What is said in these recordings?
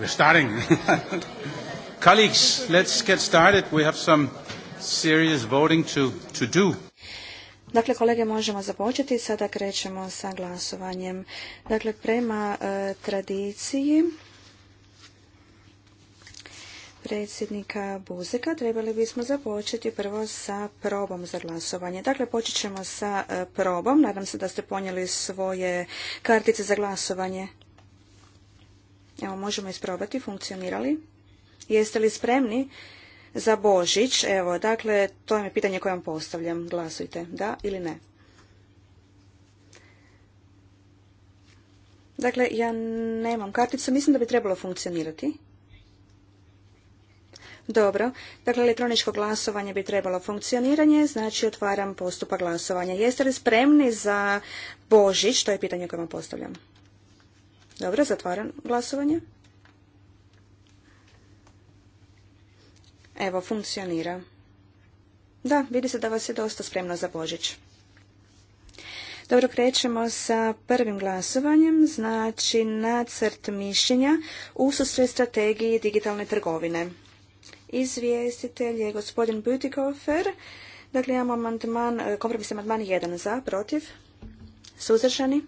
We're starting. Colleagues, let's get started. We have some serious voting to, do. Dakle, kolege, možemo započeti. Sada krećemo sa glasovanjem. Dakle, prema e, tradiciji predsjednika Buzeka trebali bismo započeti prvo sa probom za glasovanje. Dakle, počet ćemo sa e, probom. Nadam se da ste ponijeli svoje kartice za glasovanje. Evo, možemo isprobati, funkcionirali. Jeste li spremni za Božić? Evo, dakle, to je pitanje koje vam postavljam. Glasujte, da ili ne. Dakle, ja nemam karticu, mislim da bi trebalo funkcionirati. Dobro, dakle elektroničko glasovanje bi trebalo funkcioniranje, znači otvaram postupak glasovanja. Jeste li spremni za Božić, to je pitanje koje vam postavljam. Dobro, zatvaram glasovanje. Evo, funkcionira. Da, vidi se da vas je dosta spremno za Božić. Dobro, krećemo sa prvim glasovanjem, znači nacrt mišljenja u susre strategiji digitalne trgovine. Izvjestitelj je gospodin Butikofer. Dakle, imamo amandman, e, kompromisni amandman 1 za, protiv, suzdržani,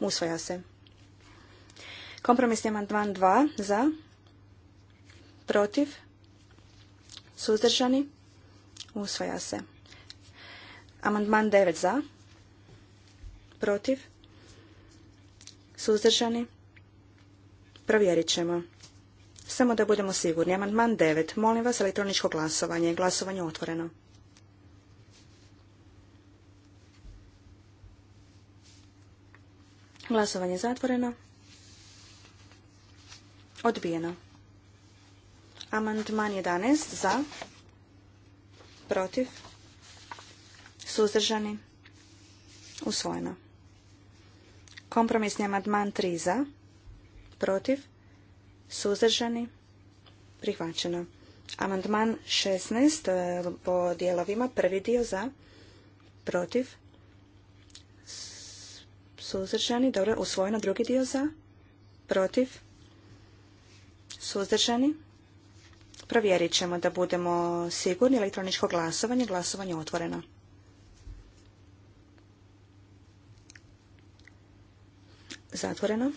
usvaja se. Kompromisni amandman 2 za, protiv, suzdržani, usvaja se. Amandman 9 za, protiv, suzdržani, provjerit ćemo. Samo da budemo sigurni. Amandman 9. Molim vas elektroničko glasovanje. Glasovanje otvoreno. Glasovanje zatvoreno. Odbijeno. Amandman 11 za, protiv, suzdržani, usvojeno. Kompromisni amandman 3 za, protiv, suzdržani, prihvaćeno. Amandman 16 e, po dijelovima, prvi dio za, protiv, suzdržani, dobro, usvojeno, drugi dio za, protiv, Suzdržani? Provjerit ćemo da budemo sigurni. Elektroničko glasovanje. Glasovanje je otvoreno. Zatvoreno.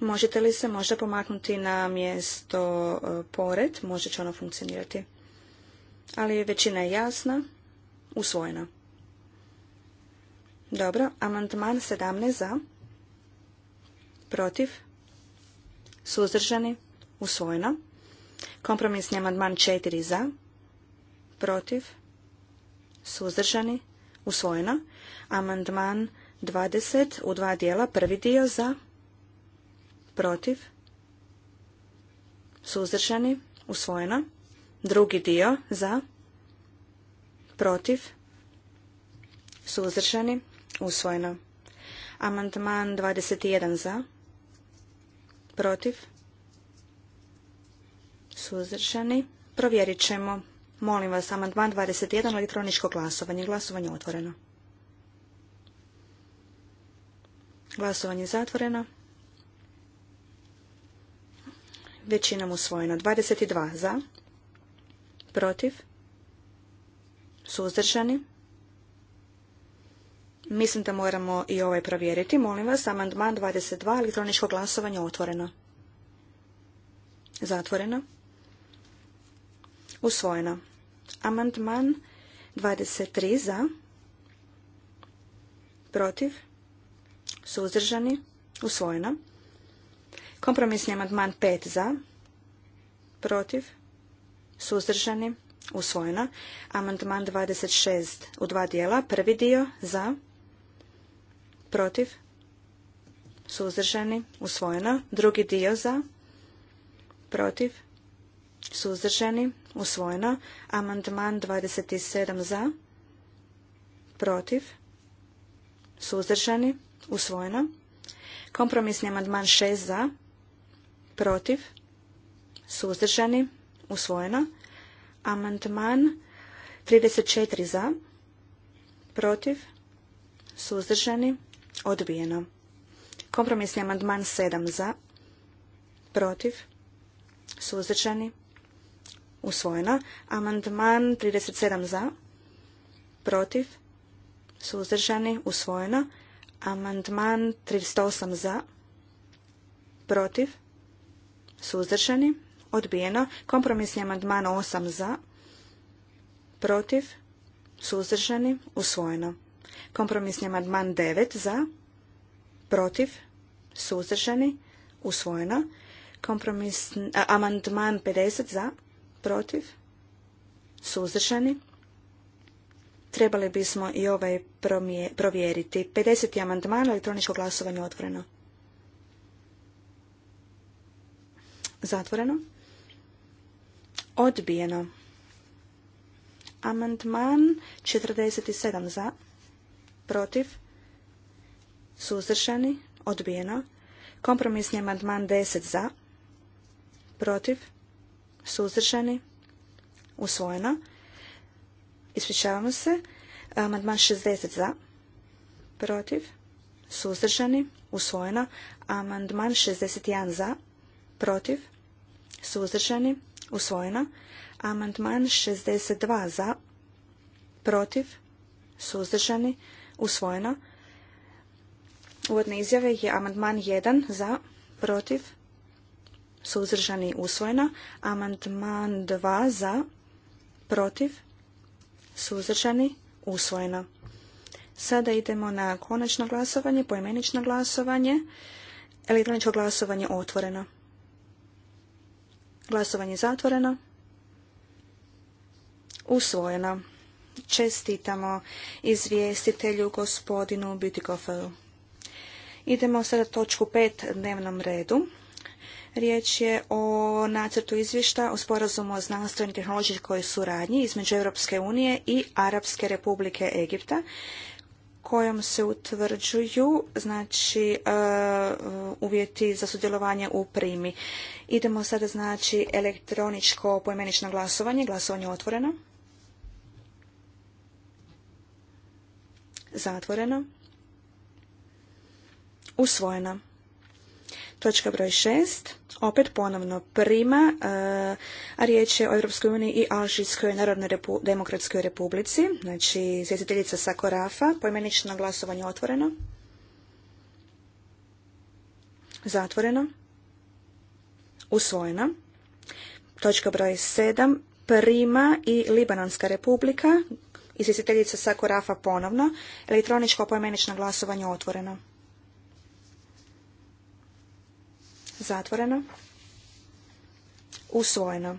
Možete li se možda pomaknuti na mjesto e, pored? Možda će ono funkcionirati. Ali većina je jasna. Usvojena. Dobro, amandman 17 za, protiv, suzdržani, usvojeno. Kompromisni amandman 4 za, protiv, suzdržani, usvojeno. Amandman 20 u dva dijela, prvi dio za, protiv, suzdržani, usvojeno. Drugi dio za, protiv, suzdržani, Usvojeno. Amandman 21 za. Protiv. Suzdržani. Provjerit ćemo. Molim vas, amandman 21, elektroničko glasovanje. Glasovanje otvoreno. Glasovanje zatvoreno. Većinom usvojeno. 22 za. Protiv. Suzdržani. Mislim da moramo i ovaj provjeriti. Molim vas, amandman 22, elektroničko glasovanje otvoreno. Zatvoreno. Usvojeno. Amandman 23 za. Protiv. Suzdržani. Usvojeno. Kompromisni amandman 5 za. Protiv. Suzdržani. Usvojeno. Amandman 26 u dva dijela. Prvi dio za protiv, suzdržani, usvojeno. Drugi dio za, protiv, suzdržani, usvojeno. Amandman 27 za, protiv, suzdržani, usvojeno. Kompromisni amandman 6 za, protiv, suzdržani, usvojeno. Amandman 34 za, protiv, suzdržani, Odbijeno. Kompromisni amandman 7 za. Protiv. Suzdržani. Usvojeno. Amandman 37 za. Protiv. Suzdržani. Usvojeno. Amandman 308 za. Protiv. Suzdržani. Odbijeno. Kompromisni amandman 8 za. Protiv. Suzdržani. Usvojeno. Kompromisni amandman 9 za, protiv, suzdržani, usvojeno. amandman 50 za, protiv, suzdržani. Trebali bismo i ovaj provjeriti. 50. amandman, elektroničko glasovanje otvoreno. Zatvoreno. Odbijeno. Amandman 47 za protiv, suzdržani, odbijeno. Kompromisni amandman 10 za, protiv, suzdržani, usvojeno. Ispričavamo se. Amandman 60 za, protiv, suzdržani, usvojeno. Amandman 61 za, protiv, suzdržani, usvojeno. Amandman 62 za, protiv, suzdržani, usvojeno. Uvodne izjave je amandman 1 za, protiv, suzdržani, usvojena. Amandman 2 za, protiv, suzdržani, usvojena. Sada idemo na konačno glasovanje, poimenično glasovanje. Elektroničko glasovanje otvoreno. Glasovanje zatvoreno. Usvojeno. Čestitamo izvjestitelju gospodinu Bütikoferu. Idemo sada točku pet dnevnom redu. Riječ je o nacrtu izvješta o sporazumu o znanstvenoj tehnološkoj suradnji između Europske unije i Arapske republike Egipta kojom se utvrđuju znači e, uvjeti za sudjelovanje u primi. Idemo sada znači elektroničko pojmenično glasovanje, glasovanje otvoreno. zatvoreno, Usvojena. Točka broj šest, opet ponovno prima, eh, a riječ je o Europskoj uniji i alžijskoj narodnoj demokratskoj republici, znači izvjestiteljica Sakorafa, pojmenično glasovanje otvoreno, zatvoreno, usvojeno. Točka broj sedam, Prima i Libanonska republika, izvjestiteljica Rafa ponovno. Elektroničko pojmenično glasovanje otvoreno. Zatvoreno. Usvojeno.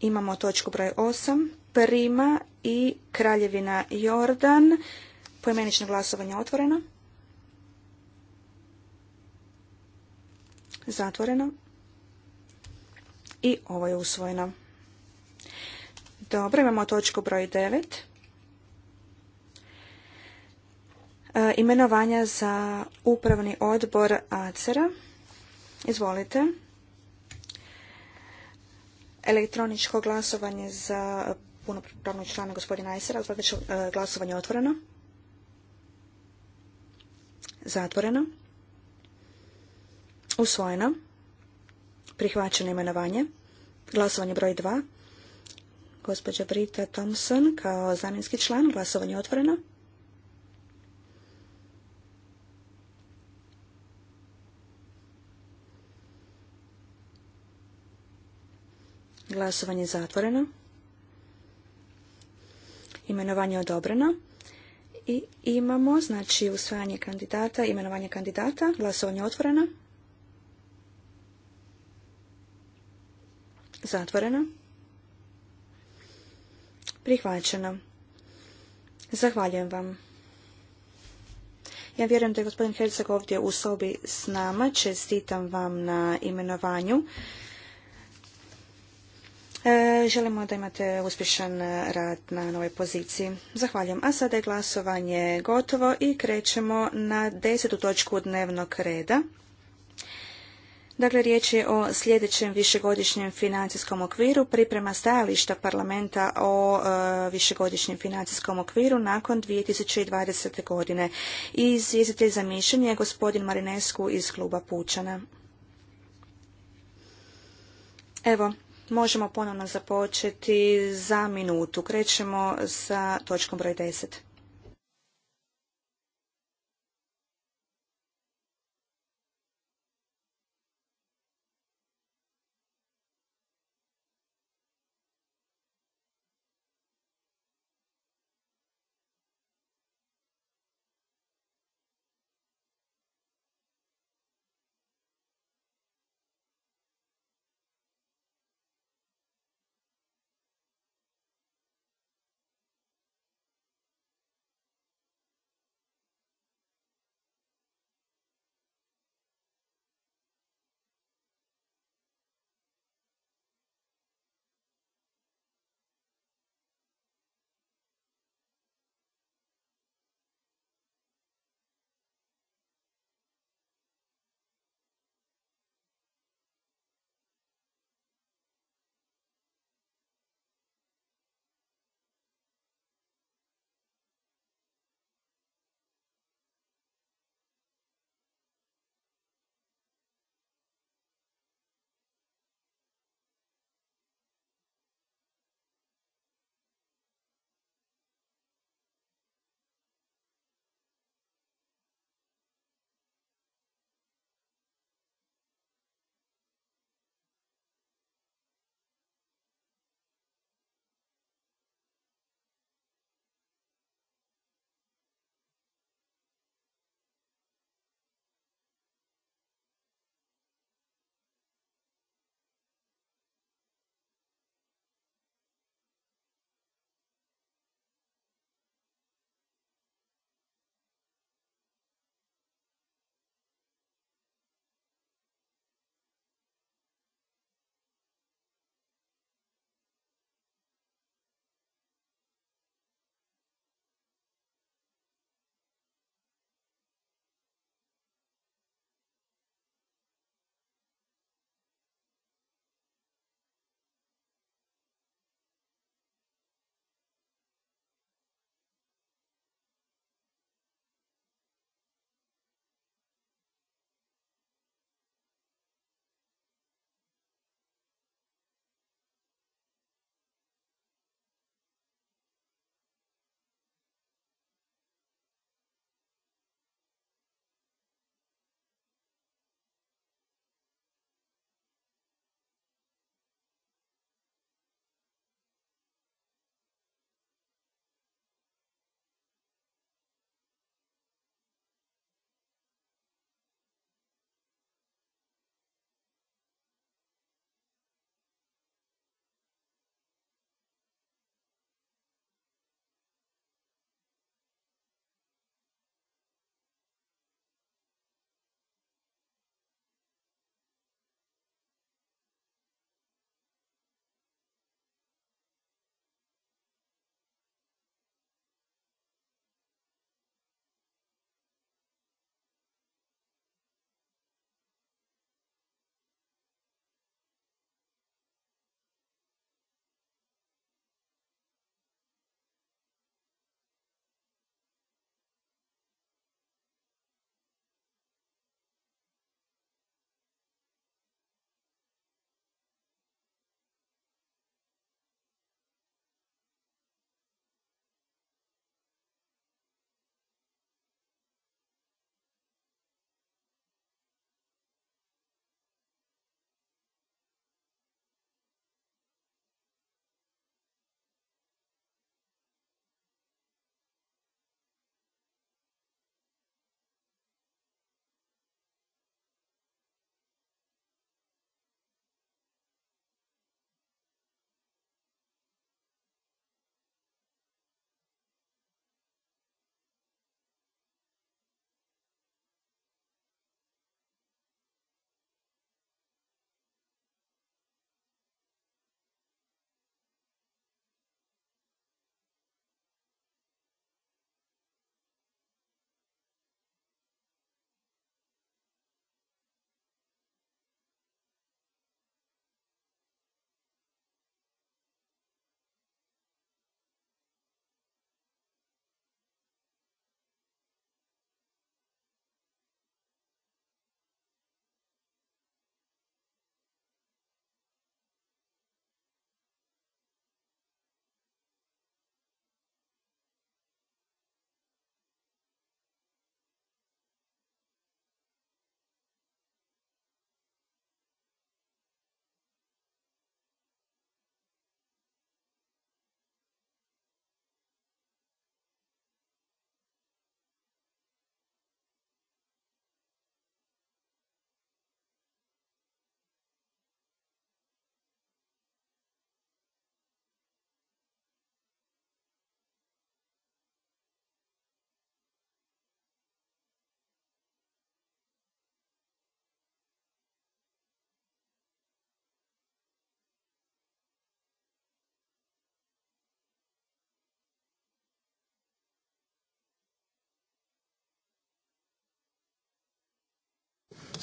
Imamo točku broj 8. Prima i Kraljevina Jordan. Pojmenično glasovanje otvoreno. Zatvoreno. I ovo je usvojeno. Dobro, imamo točku broj 9. E, imenovanja za upravni odbor ACERA. Izvolite. Elektroničko glasovanje za punopravnog člana gospodina Ajsera. E, glasovanje otvoreno. Zatvoreno. Usvojeno. Prihvaćeno imenovanje. Glasovanje broj 2. Gospođa Brita Thompson kao zamjenski član. Glasovanje otvoreno. Glasovanje je zatvoreno. Imenovanje je odobreno. I imamo, znači, usvajanje kandidata, imenovanje kandidata. Glasovanje je otvoreno. Zatvoreno prihvaćeno. Zahvaljujem vam. Ja vjerujem da je gospodin Herzog ovdje u sobi s nama. Čestitam vam na imenovanju. E, želimo da imate uspješan rad na novoj poziciji. Zahvaljujem. A sada je glasovanje gotovo i krećemo na desetu točku dnevnog reda. Dakle, riječ je o sljedećem višegodišnjem financijskom okviru, priprema stajališta parlamenta o e, višegodišnjem financijskom okviru nakon 2020. godine. I izvjestitelj za mišljenje je gospodin Marinescu iz kluba Pučana. Evo, možemo ponovno započeti za minutu. Krećemo sa točkom broj 10.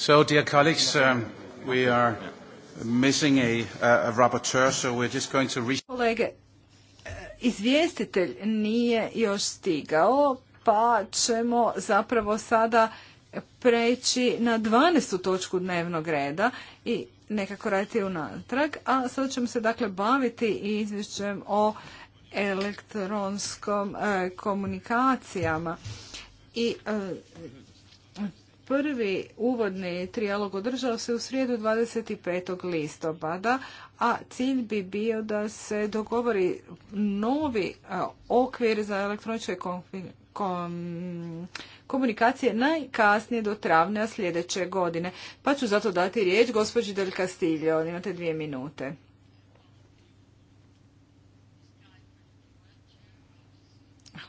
So, dear colleagues, um, we are missing a, a rapporteur, so we're just going to... Kolege, e, izvjestitelj nije još stigao, pa ćemo zapravo sada preći na 12. točku dnevnog reda i nekako raditi natrag a sada ćemo se dakle baviti izvješćem o elektronskom e, komunikacijama i e, Prvi uvodni trijalog održao se u srijedu 25. listopada, a cilj bi bio da se dogovori novi okvir za elektroničke komunikacije najkasnije do travnja sljedeće godine. Pa ću zato dati riječ gospođi Del Castillo. Imate dvije minute.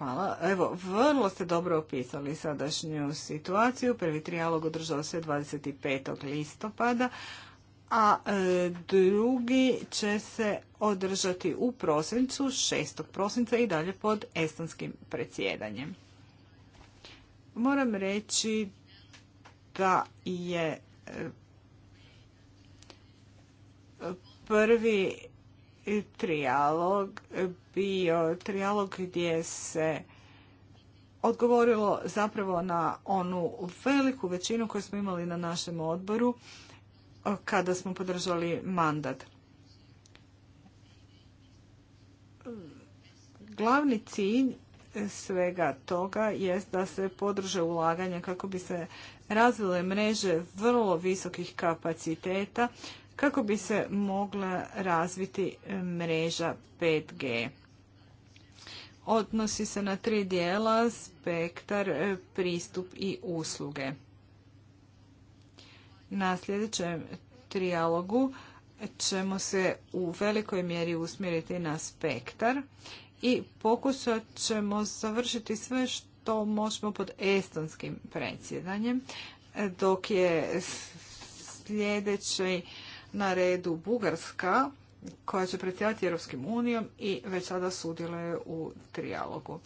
Hvala. Evo, vrlo ste dobro opisali sadašnju situaciju. Prvi trijalog održao se 25. listopada, a e, drugi će se održati u prosincu, 6. prosinca i dalje pod estonskim predsjedanjem. Moram reći da je e, prvi trijalog e, bio trijalog gdje se odgovorilo zapravo na onu veliku većinu koju smo imali na našem odboru e, kada smo podržali mandat. Glavni cilj svega toga jest da se podrže ulaganja kako bi se razvile mreže vrlo visokih kapaciteta kako bi se mogla razviti e, mreža 5G. Odnosi se na tri dijela, spektar, e, pristup i usluge. Na sljedećem trijalogu ćemo se u velikoj mjeri usmjeriti na spektar i pokušat ćemo završiti sve što možemo pod estonskim predsjedanjem, dok je sljedeći na redu Bugarska koja će predsjedati Europskim unijom i već sada sudjeluje u trijalogu.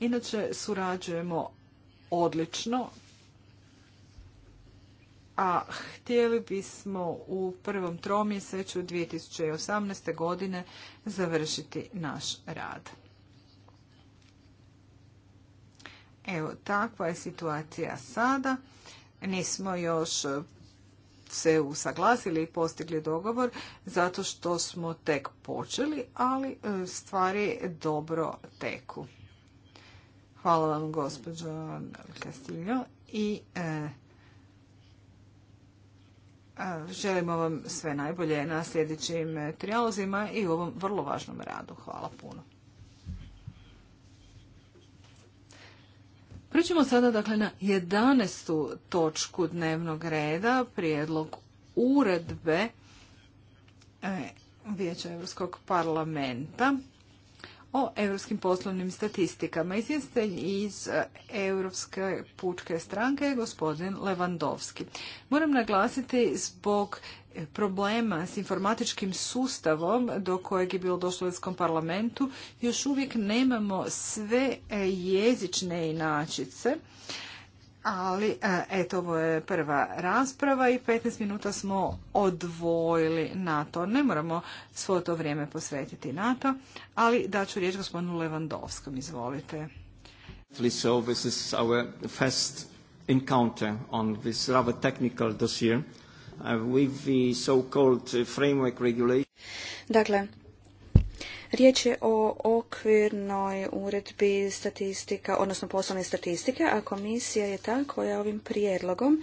Inače, surađujemo odlično, a htjeli bismo u prvom tromjeseću 2018. godine završiti naš rad. Evo, takva je situacija sada. Nismo još se usaglasili i postigli dogovor zato što smo tek počeli, ali e, stvari dobro teku. Hvala vam gospođo Castillo i e, e, želimo vam sve najbolje na sljedećim trijalozima i u ovom vrlo važnom radu. Hvala puno. Prećemo sada dakle na 11. točku dnevnog reda, prijedlog uredbe e, Vijeća Europskog parlamenta o europskim poslovnim statistikama. Izvjestelj iz e, Europske pučke stranke je gospodin Levandovski. Moram naglasiti zbog problema s informatičkim sustavom do kojeg je bilo došlo u Europskom parlamentu, još uvijek nemamo sve e, jezične inačice. Ali, e, eto, ovo je prva rasprava i 15 minuta smo odvojili na to. Ne moramo svo to vrijeme posvetiti na to, ali daću riječ gospodinu Levandovskom, izvolite. this Uh, with the so uh, Dakle, Riječ je o okvirnoj uredbi statistika, odnosno poslovne statistike, a komisija je ta koja ovim prijedlogom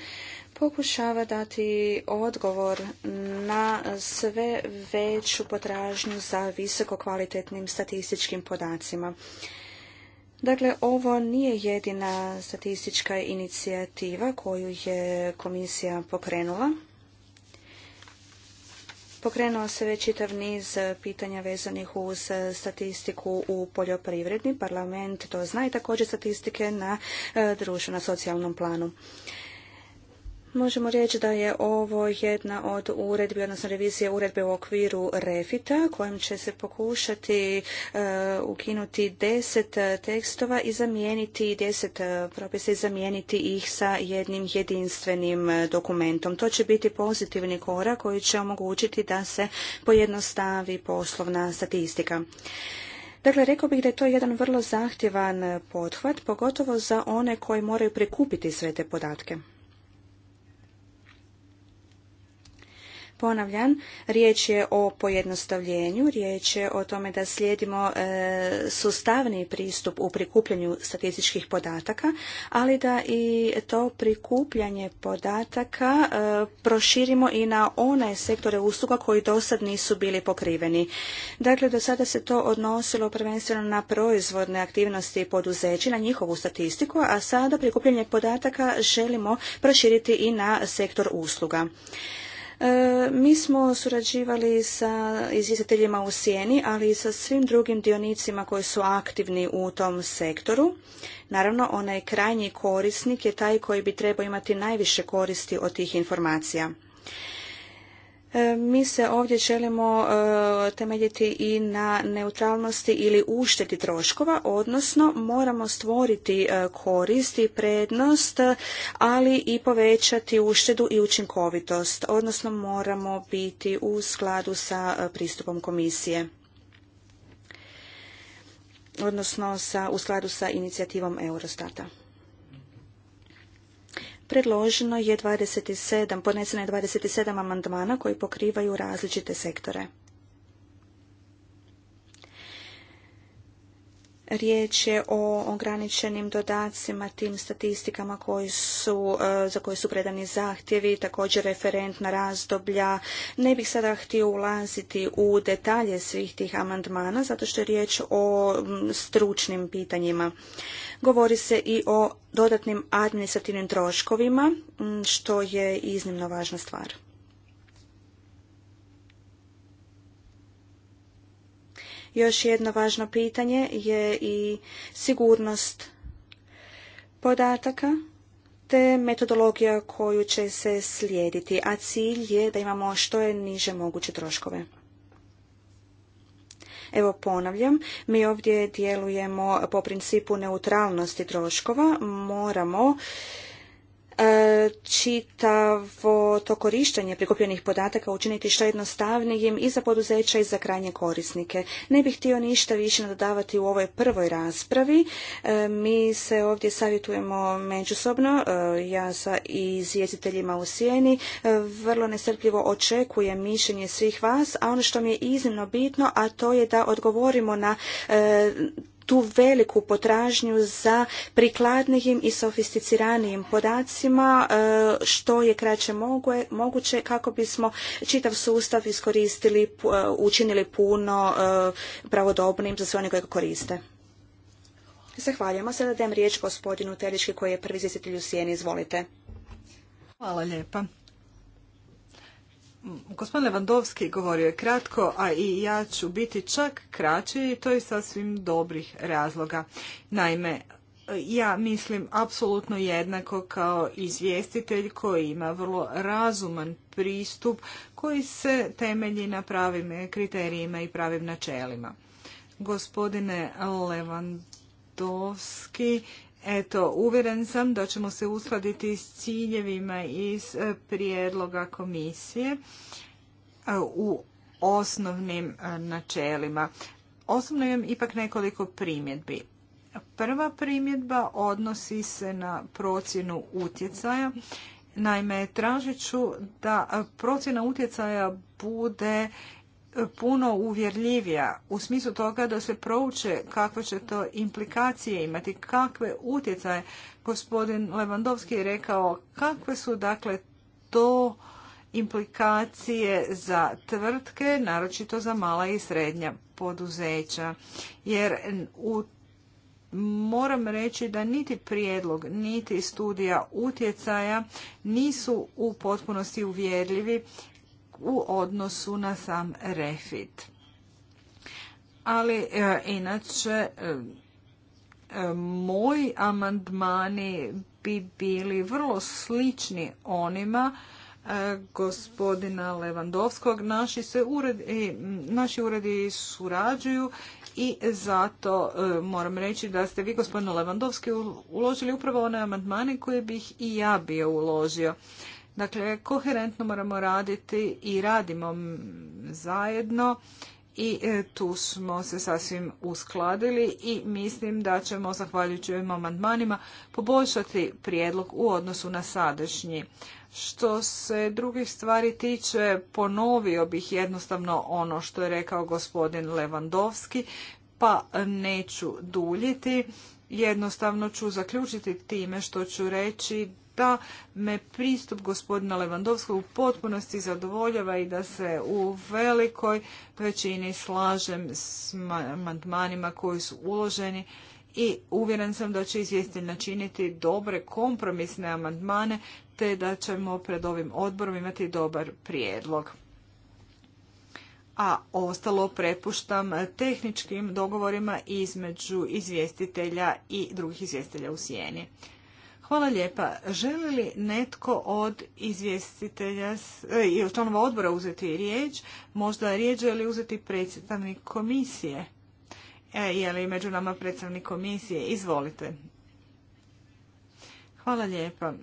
pokušava dati odgovor na sve veću potražnju za visoko kvalitetnim statističkim podacima. Dakle, ovo nije jedina statistička inicijativa koju je komisija pokrenula Pokrenuo se već čitav niz eh, pitanja vezanih uz eh, statistiku u poljoprivredni parlament, to zna i također statistike na eh, društvu, na socijalnom planu. Možemo reći da je ovo jedna od uredbi, odnosno revizije uredbe u okviru refita kojim će se pokušati e, ukinuti deset e, tekstova i zamijeniti deset e, propisa i zamijeniti ih sa jednim jedinstvenim dokumentom. To će biti pozitivni korak koji će omogućiti da se pojednostavi poslovna statistika. Dakle, rekao bih da je to jedan vrlo zahtjevan pothvat, pogotovo za one koji moraju prikupiti sve te podatke. Ponavljam, riječ je o pojednostavljenju, riječ je o tome da slijedimo e, sustavni pristup u prikupljanju statističkih podataka, ali da i to prikupljanje podataka e, proširimo i na one sektore usluga koji do sad nisu bili pokriveni. Dakle, do sada se to odnosilo prvenstveno na proizvodne aktivnosti poduzeći, na njihovu statistiku, a sada prikupljanje podataka želimo proširiti i na sektor usluga. E, mi smo surađivali sa izvjestiteljima u Sjeni, ali i sa svim drugim dionicima koji su aktivni u tom sektoru. Naravno, onaj krajnji korisnik je taj koji bi trebao imati najviše koristi od tih informacija. E, mi se ovdje želimo e, temeljiti i na neutralnosti ili uštedi troškova, odnosno moramo stvoriti e, korist i prednost, ali i povećati uštedu i učinkovitost, odnosno moramo biti u skladu sa pristupom komisije odnosno u skladu sa inicijativom Eurostata. Predloženo je 27, podneseno je 27 amandmana koji pokrivaju različite sektore. Riječ je o ograničenim dodacima tim statistikama koji su, e, za koje su predani zahtjevi, također referentna razdoblja. Ne bih sada htio ulaziti u detalje svih tih amandmana, zato što je riječ o stručnim pitanjima. Govori se i o dodatnim administrativnim troškovima, što je iznimno važna stvar. Još jedno važno pitanje je i sigurnost podataka te metodologija koju će se slijediti, a cilj je da imamo što je niže moguće troškove. Evo ponavljam, mi ovdje djelujemo po principu neutralnosti troškova, moramo E, čitavo to korištenje prikupljenih podataka učiniti što jednostavnijim i za poduzeća i za krajnje korisnike. Ne bih htio ništa više nadodavati u ovoj prvoj raspravi. E, mi se ovdje savjetujemo međusobno, e, ja sa izvjestiteljima u sjeni. Vrlo nesrpljivo očekujem mišljenje svih vas, a ono što mi je iznimno bitno, a to je da odgovorimo na tu veliku potražnju za prikladnijim i sofisticiranijim podacima e, što je kraće moguće kako bismo čitav sustav iskoristili, e, učinili puno e, pravodobnim za sve one koje ga koriste. Zahvaljujemo se da dajem riječ gospodinu Telički koji je prvi izvjestitelj u Sijeni. Izvolite. Hvala lijepa. Gospodin Lewandowski govorio je kratko, a i ja ću biti čak kraći i to je sasvim dobrih razloga. Naime, ja mislim apsolutno jednako kao izvjestitelj koji ima vrlo razuman pristup koji se temelji na pravim kriterijima i pravim načelima. Gospodine Lewandowski... Eto, uvjeren sam da ćemo se uskladiti s ciljevima iz e, prijedloga komisije e, u osnovnim e, načelima. Osobno imam ipak nekoliko primjedbi. Prva primjedba odnosi se na procjenu utjecaja. Naime, tražit ću da procjena utjecaja bude puno uvjerljivija u smislu toga da se prouče kakve će to implikacije imati, kakve utjecaje. Gospodin Levandovski je rekao kakve su dakle to implikacije za tvrtke, naročito za mala i srednja poduzeća. Jer u moram reći da niti prijedlog, niti studija utjecaja nisu u potpunosti uvjerljivi u odnosu na sam refit. Ali e, inače e, e, moji amandmani bi bili vrlo slični onima gospodina Levandovskog. Naši, se uredi, naši uredi surađuju i zato moram reći da ste vi gospodine Levandovski uložili upravo one amandmane koje bih i ja bio uložio. Dakle, koherentno moramo raditi i radimo zajedno i e, tu smo se sasvim uskladili i mislim da ćemo, zahvaljujući ovim amandmanima, poboljšati prijedlog u odnosu na sadašnji. Što se drugih stvari tiče, ponovio bih jednostavno ono što je rekao gospodin Levandovski, pa neću duljiti. Jednostavno ću zaključiti time što ću reći da me pristup gospodina Levandovskog u potpunosti zadovoljava i da se u velikoj većini slažem s amandmanima koji su uloženi i uvjeren sam da će izvjestitelj načiniti dobre kompromisne amandmane te da ćemo pred ovim odborom imati dobar prijedlog. A ostalo prepuštam tehničkim dogovorima između izvjestitelja i drugih izvjestitelja u sjeni. Hvala lijepa. Želi li netko od izvjestitelja e, i članova odbora uzeti riječ? Možda riječ želi uzeti predstavnik komisije. E, je li među nama predstavnik komisije? Izvolite. Hvala lijepa.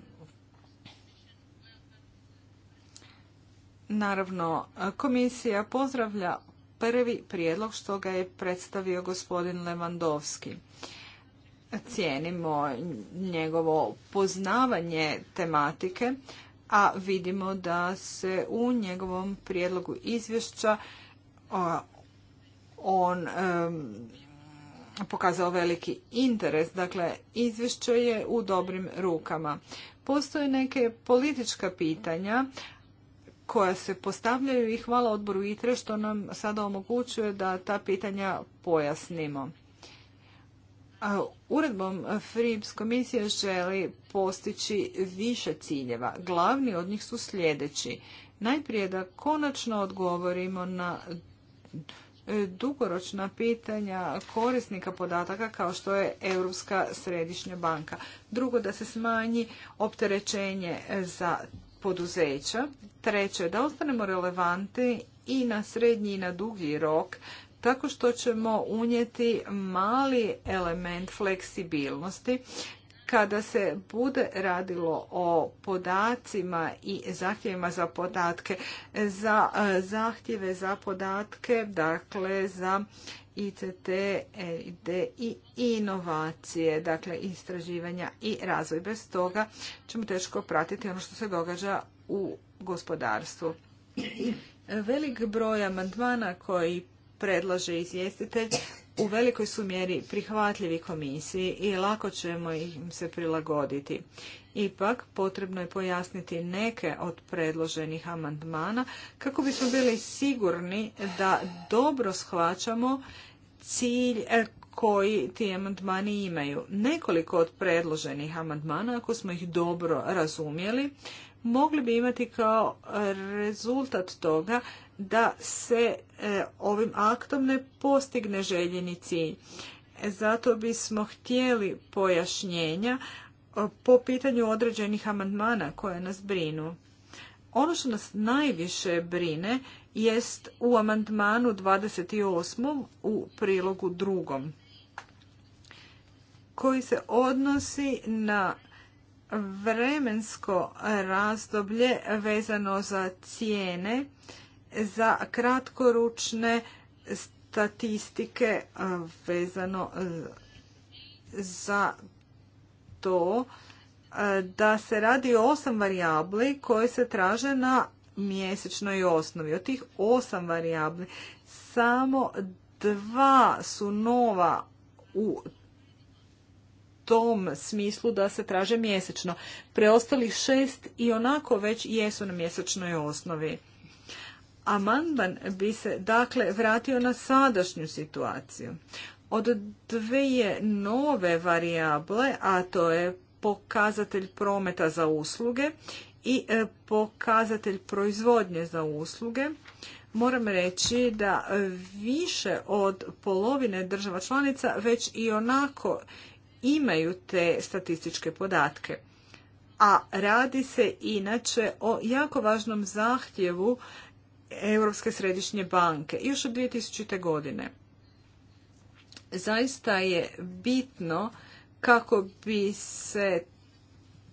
Naravno, komisija pozdravlja prvi prijedlog što ga je predstavio gospodin Levandovski cijenimo njegovo poznavanje tematike, a vidimo da se u njegovom prijedlogu izvješća on pokazao veliki interes. Dakle, izvješće je u dobrim rukama. Postoje neke politička pitanja koja se postavljaju i hvala odboru ITRE što nam sada omogućuje da ta pitanja pojasnimo. Uredbom FRIPS komisija želi postići više ciljeva. Glavni od njih su sljedeći. Najprije da konačno odgovorimo na dugoročna pitanja korisnika podataka kao što je Europska središnja banka. Drugo, da se smanji opterećenje za poduzeća. Treće, da ostanemo relevantni i na srednji i na dugi rok tako što ćemo unijeti mali element fleksibilnosti kada se bude radilo o podacima i zahtjevima za podatke, za eh, zahtjeve za podatke, dakle za ICT, EID i inovacije, dakle istraživanja i razvoj. Bez toga ćemo teško pratiti ono što se događa u gospodarstvu. Velik broj amandmana koji predlaže izvjestitelj u velikoj su mjeri prihvatljivi komisiji i lako ćemo im se prilagoditi. Ipak potrebno je pojasniti neke od predloženih amandmana kako bismo bili sigurni da dobro shvaćamo cilj koji ti amandmani imaju. Nekoliko od predloženih amandmana, ako smo ih dobro razumjeli, mogli bi imati kao rezultat toga da se e, ovim aktom ne postigne željeni cilj. E, zato bismo htjeli pojašnjenja e, po pitanju određenih amandmana koje nas brinu. Ono što nas najviše brine jest u amandmanu 28. u prilogu drugom koji se odnosi na vremensko razdoblje vezano za cijene za kratkoručne statistike vezano e, za to e, da se radi o osam varijabli koje se traže na mjesečnoj osnovi. Od tih osam varijabli samo dva su nova u tom smislu da se traže mjesečno. Preostalih šest i onako već jesu na mjesečnoj osnovi. Amandman bi se dakle vratio na sadašnju situaciju. Od dvije nove varijable, a to je pokazatelj prometa za usluge i e, pokazatelj proizvodnje za usluge, moram reći da više od polovine država članica već i onako imaju te statističke podatke. A radi se inače o jako važnom zahtjevu Europske središnje banke još od 2000. godine. Zaista je bitno kako bi se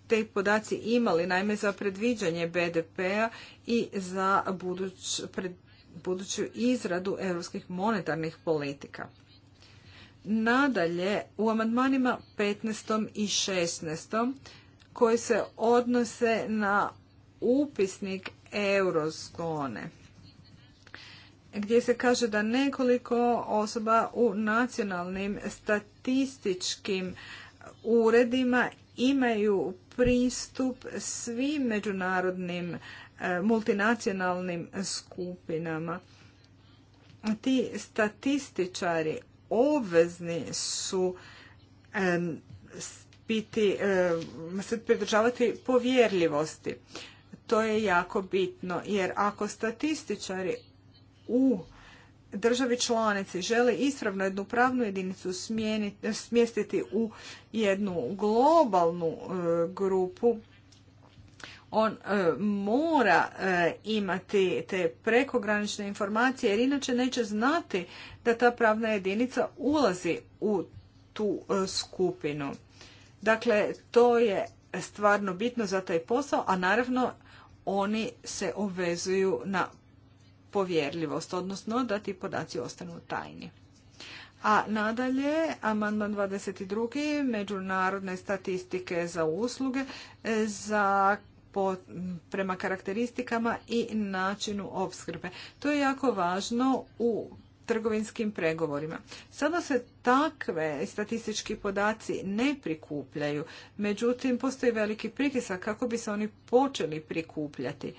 te podaci imali, naime za predviđanje BDP-a i za buduću izradu europskih monetarnih politika. Nadalje, u amandmanima 15. i 16. koji se odnose na upisnik eurozone gdje se kaže da nekoliko osoba u nacionalnim statističkim uredima imaju pristup svim međunarodnim e, multinacionalnim skupinama. Ti statističari obvezni su biti, se pridržavati povjerljivosti. To je jako bitno jer ako statističari u državi članici želi ispravno jednu pravnu jedinicu smjestiti u jednu globalnu e, grupu, on e, mora e, imati te prekogranične informacije jer inače neće znati da ta pravna jedinica ulazi u tu skupinu. Dakle, to je stvarno bitno za taj posao, a naravno oni se obvezuju na povjerljivost, odnosno da ti podaci ostanu tajni. A nadalje, amandman 22. međunarodne statistike za usluge za prema karakteristikama i načinu opskrbe. To je jako važno u trgovinskim pregovorima. Sada se takve statistički podaci ne prikupljaju, međutim postoji veliki pritisak kako bi se oni počeli prikupljati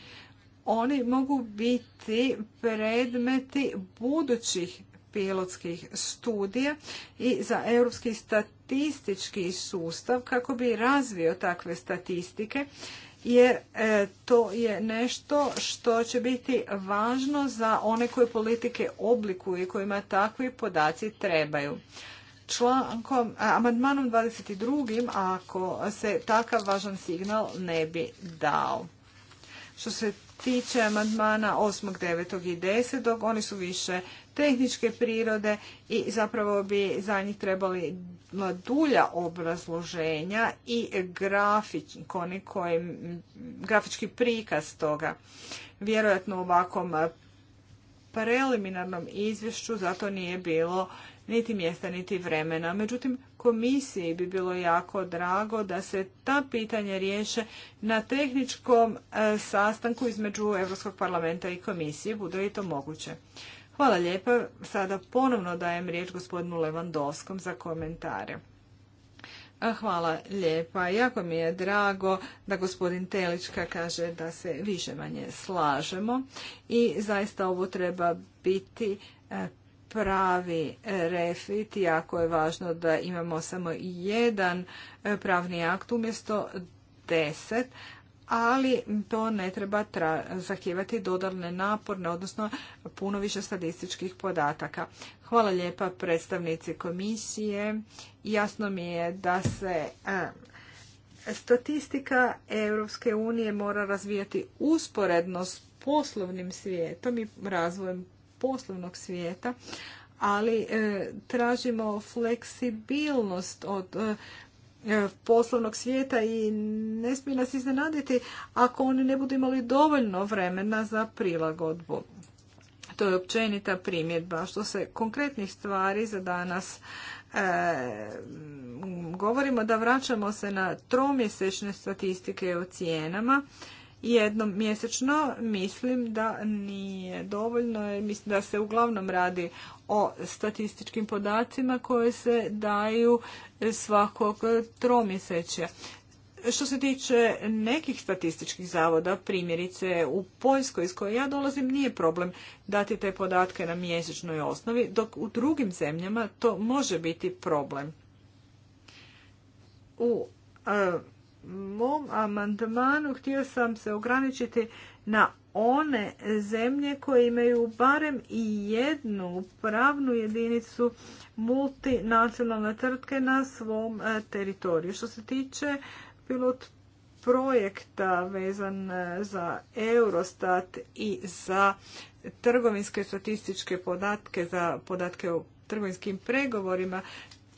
oni mogu biti predmeti budućih pilotskih studija i za europski statistički sustav kako bi razvio takve statistike jer e, to je nešto što će biti važno za one koje politike oblikuju i kojima takvi podaci trebaju. Člankom, amandmanom 22. ako se takav važan signal ne bi dao. Što se tiče amandmana 8., 9. i 10. Oni su više tehničke prirode i zapravo bi za njih trebali dulja obrazloženja i koji, grafički prikaz toga. Vjerojatno u ovakvom preliminarnom izvješću zato nije bilo niti mjesta niti vremena. Međutim, komisiji bi bilo jako drago da se ta pitanja riješe na tehničkom e, sastanku između Europskog parlamenta i komisije, bude li to moguće. Hvala lijepa. Sada ponovno dajem riječ gospodinu Levandovskom za komentare. Hvala lijepa. Jako mi je drago da gospodin Telička kaže da se više manje slažemo i zaista ovo treba biti e, pravi refit, jako je važno da imamo samo jedan e, pravni akt umjesto deset, ali to ne treba zahtijevati dodatne naporne, odnosno puno više statističkih podataka. Hvala lijepa predstavnici komisije. Jasno mi je da se e, statistika Europske unije mora razvijati usporedno s poslovnim svijetom i razvojem poslovnog svijeta, ali e, tražimo fleksibilnost od e, e, poslovnog svijeta i ne smije nas iznenaditi ako oni ne budu imali dovoljno vremena za prilagodbu. To je općenita primjedba. Što se konkretnih stvari za danas govorimo da vraćamo se na tromjesečne statistike o cijenama jednom mjesečno mislim da nije dovoljno. Mislim da se uglavnom radi o statističkim podacima koje se daju svakog tromjeseća. Što se tiče nekih statističkih zavoda, primjerice u Poljskoj iz koje ja dolazim nije problem dati te podatke na mjesečnoj osnovi, dok u drugim zemljama to može biti problem. U e, mom amandmanu htio sam se ograničiti na one zemlje koje imaju barem i jednu pravnu jedinicu multinacionalne tvrtke na svom e, teritoriju. Što se tiče pilot projekta vezan e, za Eurostat i za trgovinske statističke podatke, za podatke o trgovinskim pregovorima,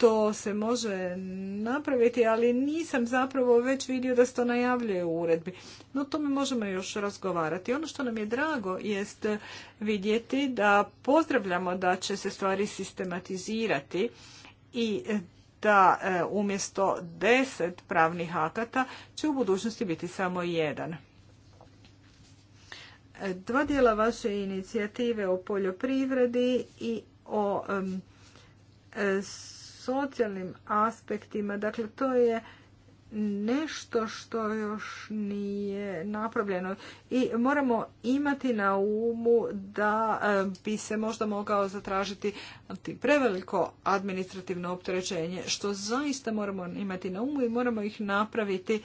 to se može napraviti, ali nisam zapravo već vidio da se to najavljuje u uredbi. No tome možemo još razgovarati. Ono što nam je drago jest vidjeti da pozdravljamo da će se stvari sistematizirati i da e, umjesto deset pravnih akata će u budućnosti biti samo jedan. E, dva dijela vaše inicijative o poljoprivredi i o e, socijalnim aspektima. Dakle, to je nešto što još nije napravljeno i moramo imati na umu da e, bi se možda mogao zatražiti preveliko administrativno opterećenje što zaista moramo imati na umu i moramo ih napraviti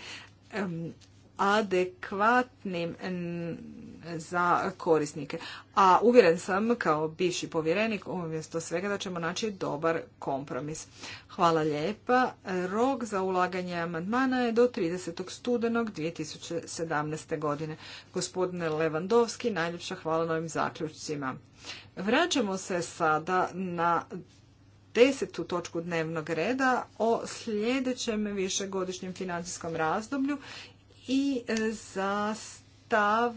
adekvatnim za korisnike. A uvjeren sam kao bivši povjerenik umjesto svega da ćemo naći dobar kompromis. Hvala lijepa. Rok za ulaganje amandmana je do 30. studenog 2017. godine. Gospodine Levandovski, najljepša hvala na ovim zaključcima. Vraćamo se sada na desetu točku dnevnog reda o sljedećem višegodišnjem financijskom razdoblju i e, za stav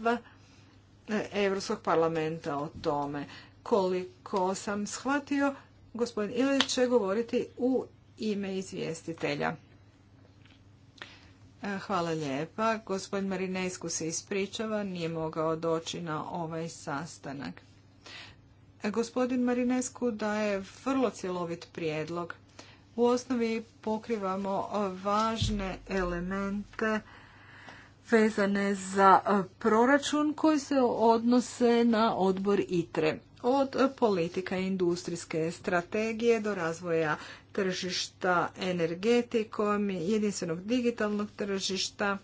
Europskog parlamenta o tome. Koliko sam shvatio, gospodin Ilić će govoriti u ime izvjestitelja. E, hvala lijepa. Gospodin Marinesku se ispričava, nije mogao doći na ovaj sastanak. E, gospodin Marinesku daje vrlo cjelovit prijedlog. U osnovi pokrivamo važne elemente vezane za e, proračun koji se odnose na odbor ITRE. Od e, politika industrijske strategije do razvoja tržišta energetikom, jedinstvenog digitalnog tržišta,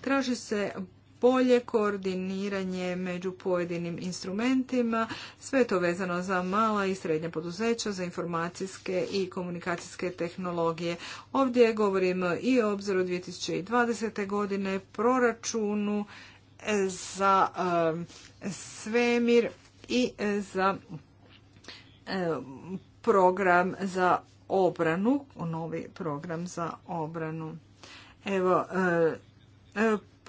traži se bolje koordiniranje među pojedinim instrumentima. Sve je to vezano za mala i srednja poduzeća, za informacijske i komunikacijske tehnologije. Ovdje govorim i o obzoru 2020. godine, proračunu e, za e, svemir i e, za program za obranu, novi program za obranu. Evo,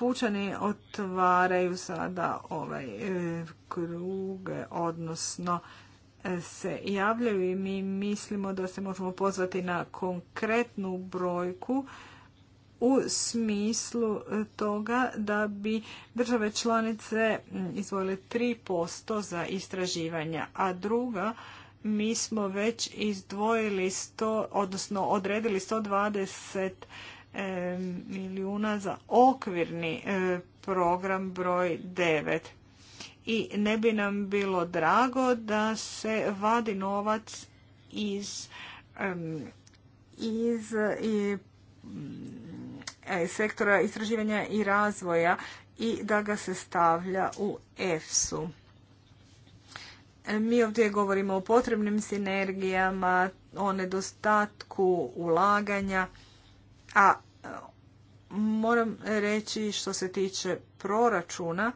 pučani otvaraju sada ovaj e, krug, odnosno e, se javljaju i mi mislimo da se možemo pozvati na konkretnu brojku u smislu e, toga da bi države članice izvojile 3% za istraživanja, a druga mi smo već izdvojili 100, odnosno odredili 120 milijuna za okvirni e, program broj 9. I ne bi nam bilo drago da se vadi novac iz, iz e, sektora istraživanja i razvoja i da ga se stavlja u EFSU. Mi ovdje govorimo o potrebnim sinergijama, o nedostatku ulaganja a e, moram reći što se tiče proračuna,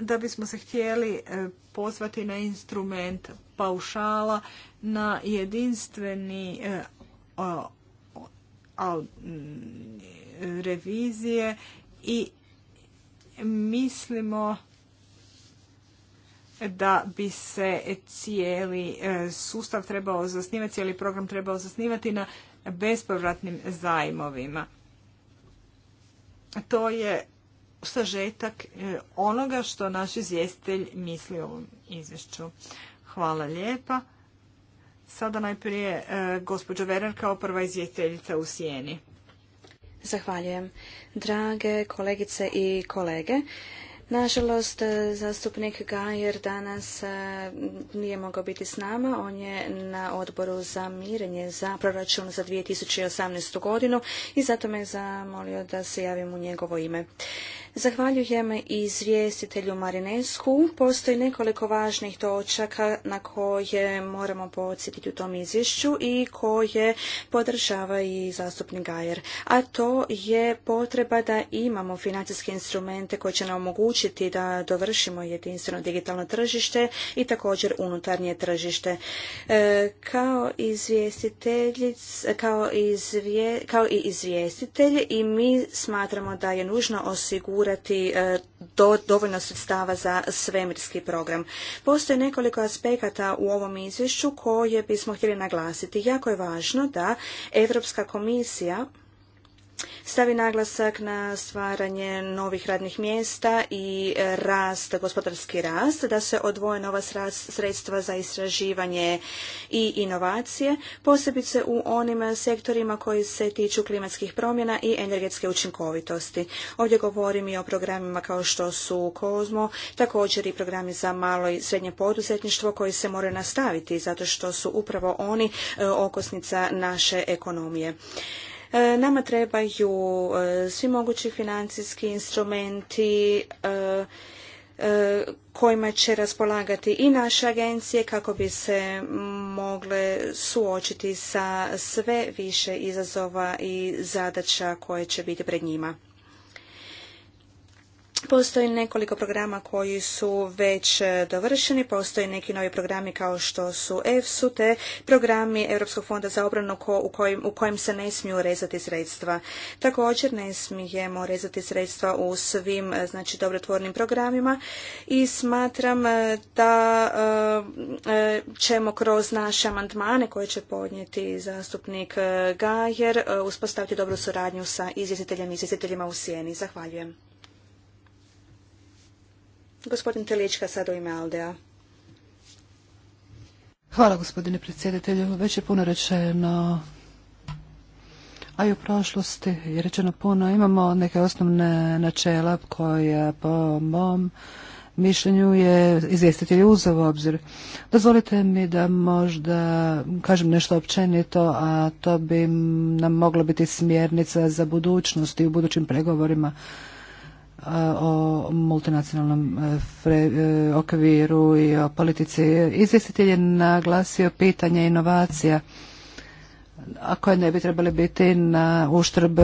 da bismo se htjeli e, pozvati na instrument paušala, na jedinstveni e, revizije i mislimo da bi se cijeli sustav trebao zasnivati, cijeli program trebao zasnivati na bespovratnim zajmovima. To je sažetak e, onoga što naš izvjestitelj misli o ovom izvješću. Hvala lijepa. Sada najprije e, gospođo Verenka, kao prva izvjestiteljica u Sijeni. Zahvaljujem. Drage kolegice i kolege, Nažalost, e, zastupnik Gajer danas e, nije mogao biti s nama. On je na odboru za mirenje za proračun za 2018. godinu i zato me zamolio da se javim u njegovo ime. Zahvaljujem izvjestitelju Marinesku. Postoji nekoliko važnih točaka na koje moramo podsjetiti u tom izvješću i koje podržava i zastupnik Gajer. A to je potreba da imamo financijske instrumente koje će nam omogućiti da dovršimo jedinstveno digitalno tržište i također unutarnje tržište. E, kao izvjestitelj kao, kao i izvjestitelj i mi smatramo da je nužno osigurati osigurati e, dovoljno sredstava za svemirski program. Postoje nekoliko aspekata u ovom izvješću koje bismo htjeli naglasiti. Jako je važno da Europska komisija stavi naglasak na stvaranje novih radnih mjesta i rast, gospodarski rast, da se odvoje nova sredstva za istraživanje i inovacije, posebice u onim sektorima koji se tiču klimatskih promjena i energetske učinkovitosti. Ovdje govorim i o programima kao što su Kozmo, također i programi za malo i srednje poduzetništvo koji se moraju nastaviti zato što su upravo oni e, okosnica naše ekonomije. E, nama trebaju e, svi mogući financijski instrumenti e, kojima će raspolagati i naše agencije kako bi se mogle suočiti sa sve više izazova i zadaća koje će biti pred njima. Postoji nekoliko programa koji su već e, dovršeni, postoji neki novi programi kao što su EFSU, te programi Europskog fonda za obranu u, kojem se ne smiju rezati sredstva. Također ne smijemo rezati sredstva u svim e, znači, dobrotvornim programima i smatram e, da ćemo kroz naše amandmane koje će podnijeti zastupnik Gajer uspostaviti dobru suradnju sa izvjestiteljem i izvjestiteljima u Sijeni. Zahvaljujem. Gospodin Hvala gospodine predsjedatelju. Već je puno rečeno a i u prošlosti je rečeno puno. Imamo neke osnovne načela koja po mom mišljenju je izvjestitelj uzeo u obzir. Dozvolite mi da možda kažem nešto općenito, a to bi nam moglo biti smjernica za budućnost i u budućim pregovorima Eh, o multinacionalnom eh, eh, okviru i o politici. Izvjestitelj je naglasio pitanje inovacija ako koje ne bi trebali biti na uštrb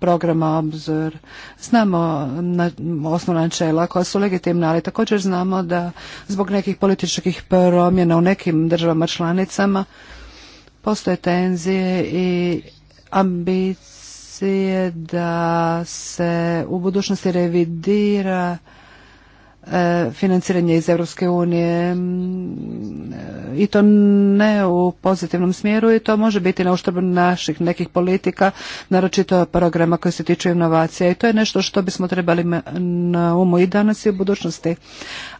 programa Obzor. Znamo na, osnovna načela koja su legitimna, ali također znamo da zbog nekih političkih promjena u nekim državama članicama postoje tenzije i ambicije komisije da se u budućnosti revidira e, financiranje iz Europske unije mm, e, i to ne u pozitivnom smjeru i to može biti na uštrb naših nekih politika, naročito programa koji se tiču inovacija i to je nešto što bismo trebali na umu i danas i u budućnosti.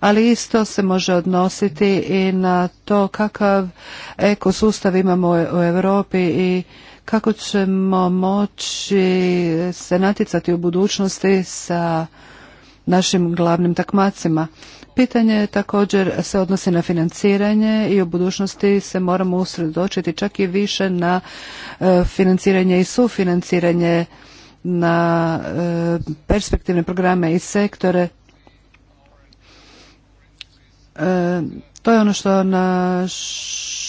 Ali isto se može odnositi i na to kakav ekosustav imamo u Europi i kako ćemo moći se naticati u budućnosti sa našim glavnim takmacima. Pitanje također se odnosi na financiranje i u budućnosti se moramo usredočiti čak i više na e, financiranje i sufinanciranje na e, perspektivne programe i sektore e, to je ono što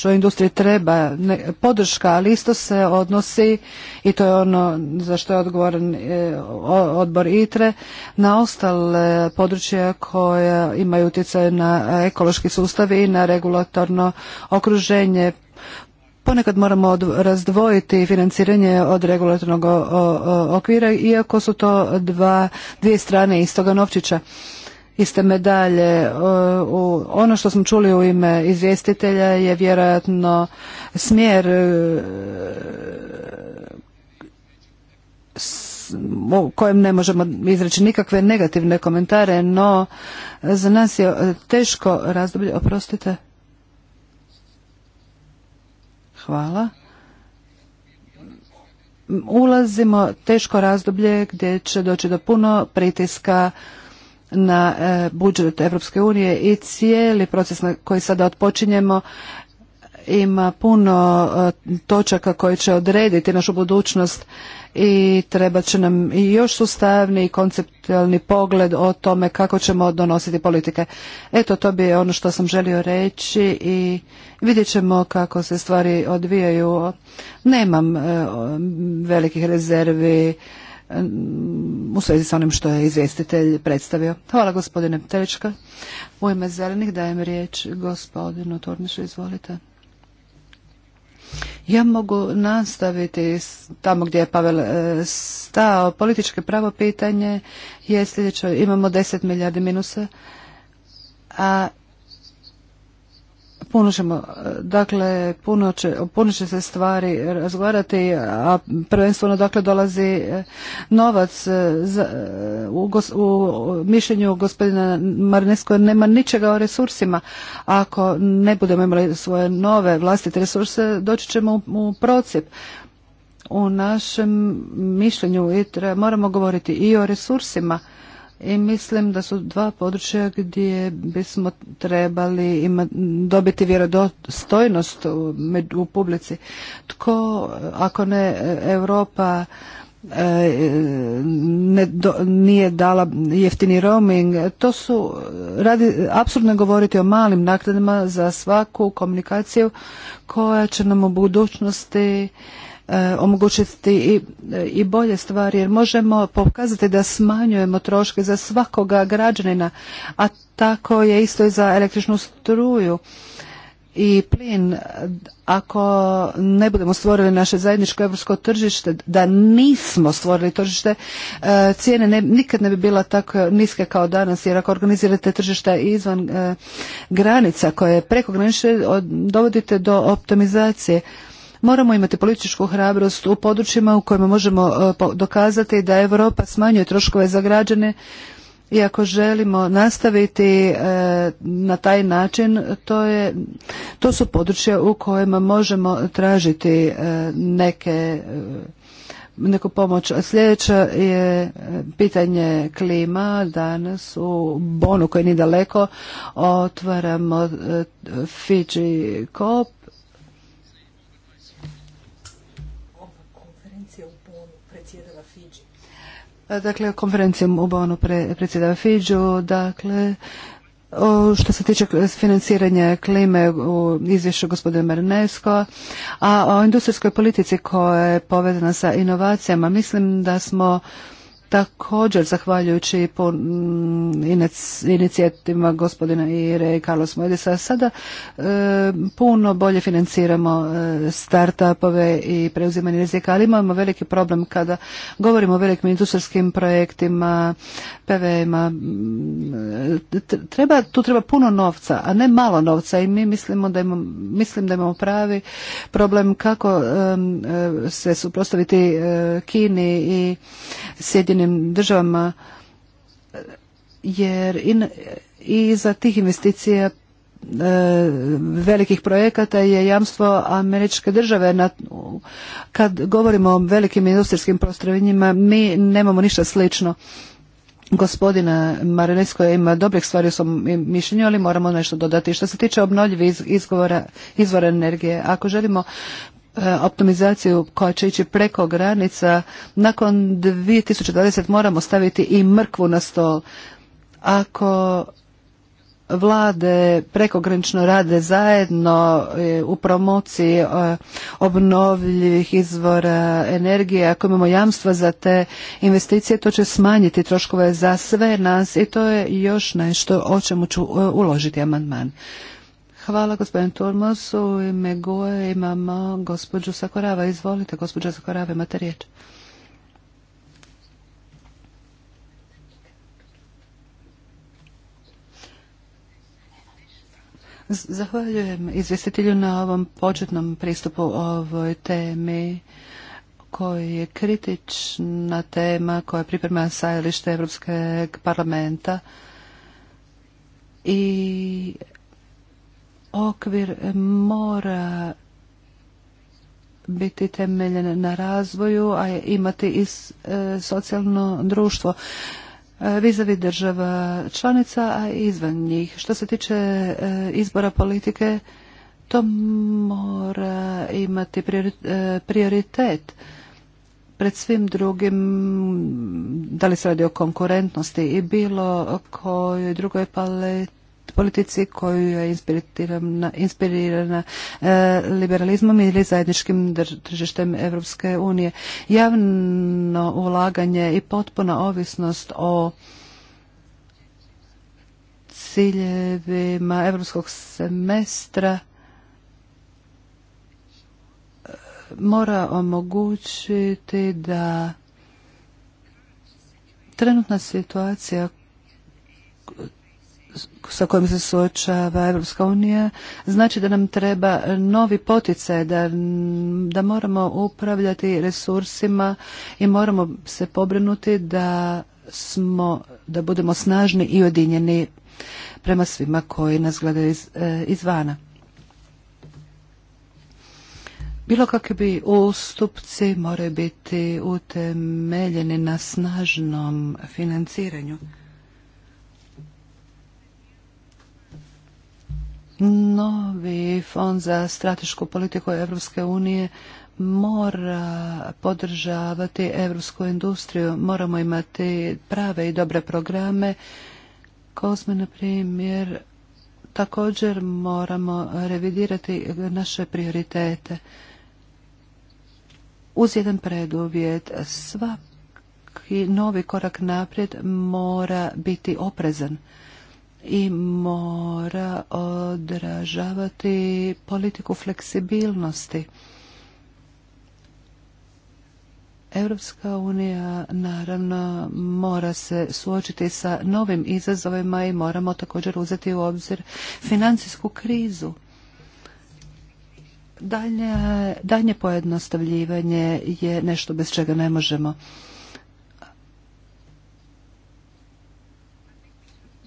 što industriji treba, podrška, ali isto se odnosi, i to je ono za što je odgovoran e, odbor ITRE, na ostale područja koja imaju utjecaj na ekološki sustav i na regulatorno okruženje. Ponekad moramo razdvojiti financiranje od regulatornog okvira, iako su to dva, dvije strane istoga novčića iste medalje. E, ono što smo čuli u ime izvjestitelja je vjerojatno smjer e, u kojem ne možemo izreći nikakve negativne komentare, no za nas je teško razdoblje. Oprostite. Hvala. Ulazimo teško razdoblje gdje će doći do puno pritiska na e, budžet Europske unije i cijeli proces na koji sada otpočinjemo ima puno e, točaka koje će odrediti našu budućnost i treba će nam i još sustavni i konceptualni pogled o tome kako ćemo donositi politike. Eto, to bi ono što sam želio reći i vidjet ćemo kako se stvari odvijaju. Nemam e, velikih rezervi u svezi sa onim što je izvjestitelj predstavio. Hvala gospodine Telička. U ime zelenih dajem riječ gospodinu Tornišu, izvolite. Ja mogu nastaviti tamo gdje je Pavel e, stao. Političke pravo pitanje je sljedeće. Imamo 10 milijardi minusa, a puno ćemo, dakle, puno će, puno će se stvari razgovarati, a prvenstveno dakle dolazi e, novac e, za, e, u, mišljenju gospodina Marnesko nema ničega o resursima. Ako ne budemo imali svoje nove vlastite resurse, doći ćemo u, u U našem mišljenju moramo govoriti i o resursima i mislim da su dva područja gdje bismo trebali ima, dobiti vjerodostojnost u, publici. Tko, ako ne Europa e, ne, do, nije dala jeftini roaming. To su, radi, apsurdno govoriti o malim naknadama za svaku komunikaciju koja će nam u budućnosti E, omogućiti i, bolje stvari jer možemo pokazati da smanjujemo troške za svakoga građanina, a tako je isto i za električnu struju i plin ako ne budemo stvorili naše zajedničko europsko tržište da nismo stvorili tržište e, cijene nikad ne bi bila tako niske kao danas jer ako organizirate tržišta izvan e, granica koje je dovodite do optimizacije Moramo imati političku hrabrost u područjima u kojima možemo e, dokazati da Europa smanjuje troškove za građane i ako želimo nastaviti e, na taj način, to, je, to su područja u kojima možemo tražiti e, neke neku pomoć. Sljedeće je pitanje klima. Danas u Bonu, koji je ni daleko, otvaramo Fiji kop. E, dakle, konferencijom u Bonu predsjedava Fidžu, dakle, što se tiče financiranja klime u izvješću gospodina Marinesko, a o industrijskoj politici koja je povezana sa inovacijama, mislim da smo Također, zahvaljujući po inicijativima gospodina Ire i Carlos Mojdisa, sada e, puno bolje financiramo e, startupove i preuzimanje rizika, ali imamo veliki problem kada govorimo o velikim industrijskim projektima, PV-ima. E, treba, tu treba puno novca, a ne malo novca i mi mislimo da mislim da imamo pravi problem kako se suprostaviti Kini i Sjedini Sjedinjenim državama jer i za tih investicija e, velikih projekata je jamstvo američke države. kad govorimo o velikim industrijskim prostrojenjima, mi nemamo ništa slično. Gospodina Marinesko ima dobrih stvari u svom mišljenju, ali moramo nešto dodati. Što se tiče obnovljivih izvora energije, ako želimo E, optimizaciju koja će ići preko granica, nakon 2020 moramo staviti i mrkvu na stol. Ako vlade prekogranično rade zajedno e, u promociji e, obnovljivih izvora energije, ako imamo jamstva za te investicije, to će smanjiti troškove za sve nas i to je još nešto o čemu ću uložiti amandman. Hvala gospodin Turmos. U ime Goje imamo gospođu Sakorava. Izvolite, gospođa Sakorava, imate riječ. Zahvaljujem izvjestitelju na ovom početnom pristupu ovoj temi koji je kritična tema koja priprema sajalište Europskog parlamenta i okvir mora biti temeljen na razvoju, a imati i e, socijalno društvo e, vizavi država članica, a izvan njih. Što se tiče e, izbora politike, to mora imati prioritet pred svim drugim, da li se radi o konkurentnosti i bilo kojoj drugoj paleti politici koju je inspirirana, inspirirana e, liberalizmom ili zajedničkim tržištem Europske unije. Javno ulaganje i potpuna ovisnost o ciljevima europskog semestra e, mora omogućiti da trenutna situacija sa kojim se suočava Evropska unija znači da nam treba novi poticaj, da, da moramo upravljati resursima i moramo se pobrinuti da smo, da budemo snažni i odinjeni prema svima koji nas gledaju iz, e, izvana. Bilo kakvi ustupci moraju biti utemeljeni na snažnom financiranju. Novi fond za stratešku politiku Evropske unije mora podržavati europsku industriju. Moramo imati prave i dobre programe. Kozme, na primjer, također moramo revidirati naše prioritete. Uz jedan preduvjet, svaki novi korak naprijed mora biti oprezan i mora odražavati politiku fleksibilnosti. Europska unija naravno mora se suočiti sa novim izazovima i moramo također uzeti u obzir financijsku krizu. Dalje, dalje pojednostavljivanje je nešto bez čega ne možemo.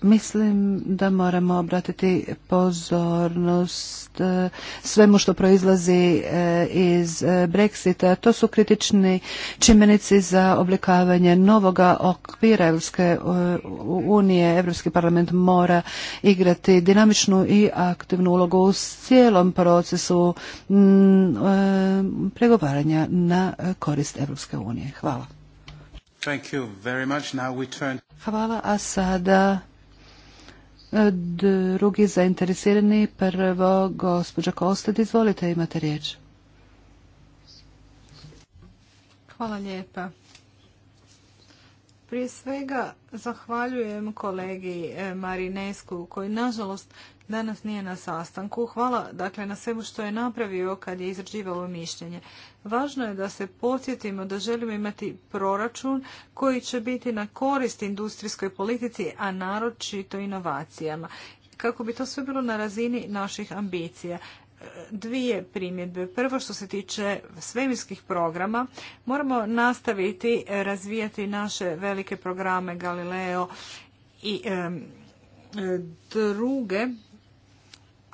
Mislim da moramo obratiti pozornost eh, svemu što proizlazi eh, iz eh, Brexita. To su kritični čimbenici za oblikavanje novoga okvira Evropske unije. Evropski parlament mora igrati dinamičnu i aktivnu ulogu u cijelom procesu mm, pregovaranja na korist Evropske unije. Hvala. Hvala, a sada drugi zainteresirani. Prvo, gospođa Kostad, izvolite, imate riječ. Hvala lijepa. Prije svega zahvaljujem kolegi eh, Marinesku koji nažalost danas nije na sastanku. Hvala dakle na svemu što je napravio kad je izrađivalo mišljenje. Važno je da se podsjetimo da želimo imati proračun koji će biti na korist industrijskoj politici, a naročito inovacijama. Kako bi to sve bilo na razini naših ambicija dvije primjedbe. Prvo što se tiče svemirskih programa, moramo nastaviti razvijati naše velike programe Galileo i druge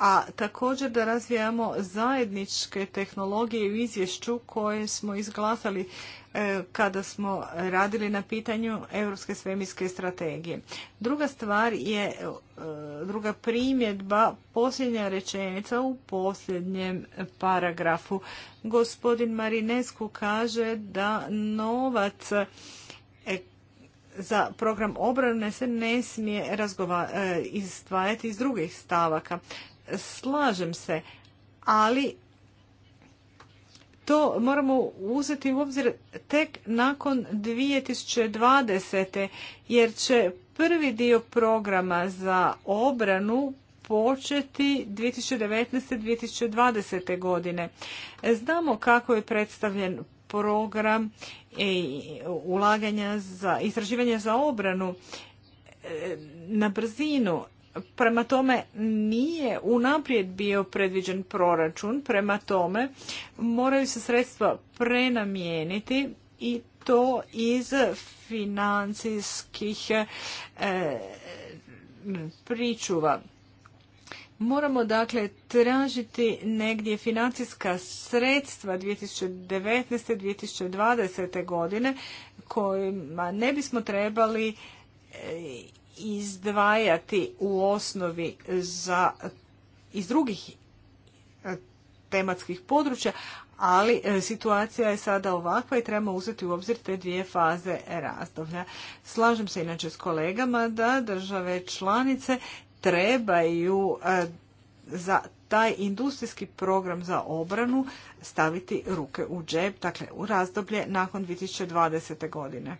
a također da razvijamo zajedničke tehnologije u izvješću koje smo izglasali e, kada smo radili na pitanju Europske svemirske strategije. Druga stvar je, e, druga primjedba, posljednja rečenica u posljednjem paragrafu. Gospodin Marinescu kaže da novac e, za program obrane se ne smije izdvajati iz drugih stavaka slažem se, ali to moramo uzeti u obzir tek nakon 2020. jer će prvi dio programa za obranu početi 2019. 2020. godine. Znamo kako je predstavljen program ulaganja za istraživanje za obranu e, na brzinu Prema tome nije unaprijed bio predviđen proračun, prema tome moraju se sredstva prenamijeniti i to iz financijskih e, pričuva. Moramo dakle tražiti negdje financijska sredstva 2019. 2020. godine kojima ne bismo trebali e, izdvajati u osnovi za, iz drugih e, tematskih područja, ali e, situacija je sada ovakva i trebamo uzeti u obzir te dvije faze razdoblja. Slažem se inače s kolegama da države članice trebaju e, za taj industrijski program za obranu staviti ruke u džep, dakle u razdoblje nakon 2020. godine.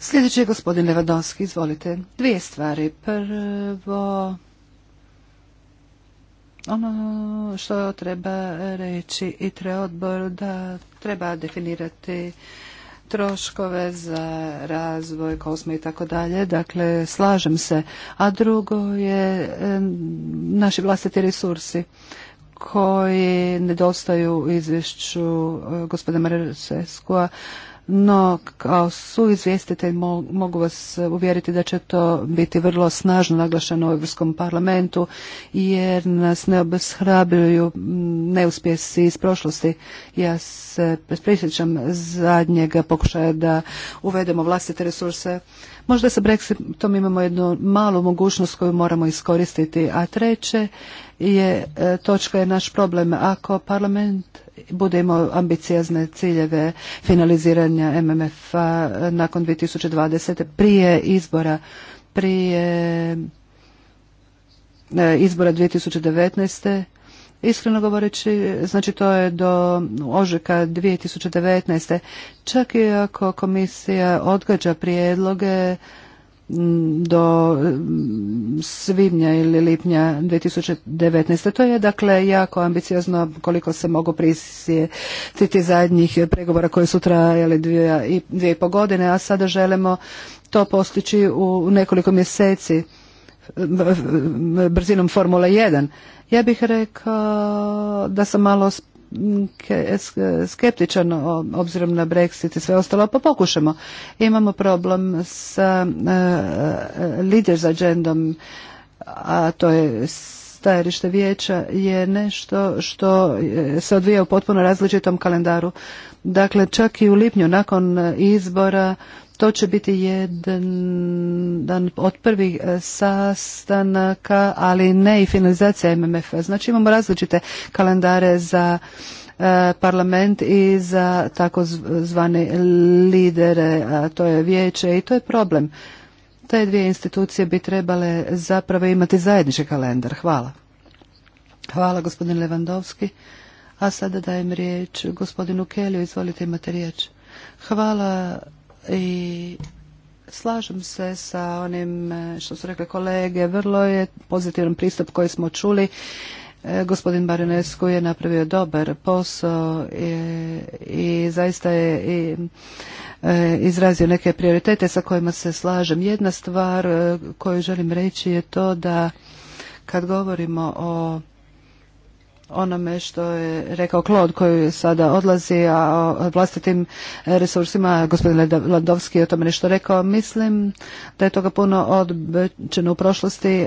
Sljedeći je gospodin Levadonski, izvolite. Dvije stvari. Prvo, ono što treba reći i tre odbor da treba definirati troškove za razvoj kosme i tako dalje. Dakle, slažem se. A drugo je naši vlastiti resursi koji nedostaju u izvješću eh, gospodina Marseskova no kao suizvjestitelj mogu vas uvjeriti da će to biti vrlo snažno naglašeno u Europskom parlamentu jer nas ne obeshrabruju mm, neuspjesi iz prošlosti. Ja se prisjećam zadnjega pokušaja da uvedemo vlastite resurse. Možda sa Brexitom imamo jednu malu mogućnost koju moramo iskoristiti, a treće je e, točka je naš problem. Ako parlament bude imao ambicijazne ciljeve finaliziranja MMF-a e, nakon 2020. prije izbora, prije e, izbora 2019. Iskreno govoreći, znači to je do ožujka 2019. Čak i ako komisija odgađa prijedloge do svibnja ili lipnja 2019. To je dakle jako ambiciozno koliko se mogu prisjetiti zadnjih pregovora koji su trajali dvije i, dvije i po godine, a sada želimo to postići u nekoliko mjeseci brzinom Formule 1. Ja bih rekao da sam malo skeptičan obzirom na Brexit i sve ostalo, pa pokušamo. Imamo problem sa e, leaders agendom, a to je stajalište vijeća je nešto što e, se odvija u potpuno različitom kalendaru. Dakle, čak i u lipnju nakon izbora to će biti jedan od prvih e, sastanaka, ali ne i finalizacija MMF-a. Znači imamo različite kalendare za e, parlament i za takozvane lidere, a to je vijeće i to je problem. Te dvije institucije bi trebale zapravo imati zajednički kalendar. Hvala. Hvala gospodin Levandovski. A sada dajem riječ gospodinu Kelju, izvolite imate riječ. Hvala i slažem se sa onim e, što su rekli kolege. Vrlo je pozitivan pristup koji smo čuli. E, gospodin Baronescu je napravio dobar posao i, zaista je i, e, izrazio neke prioritete sa kojima se slažem. Jedna stvar koju želim reći je to da kad govorimo o onome što je rekao Klod koji sada odlazi, a o vlastitim resursima, gospodin Landovski o tome nešto rekao, mislim da je toga puno odbećeno u prošlosti,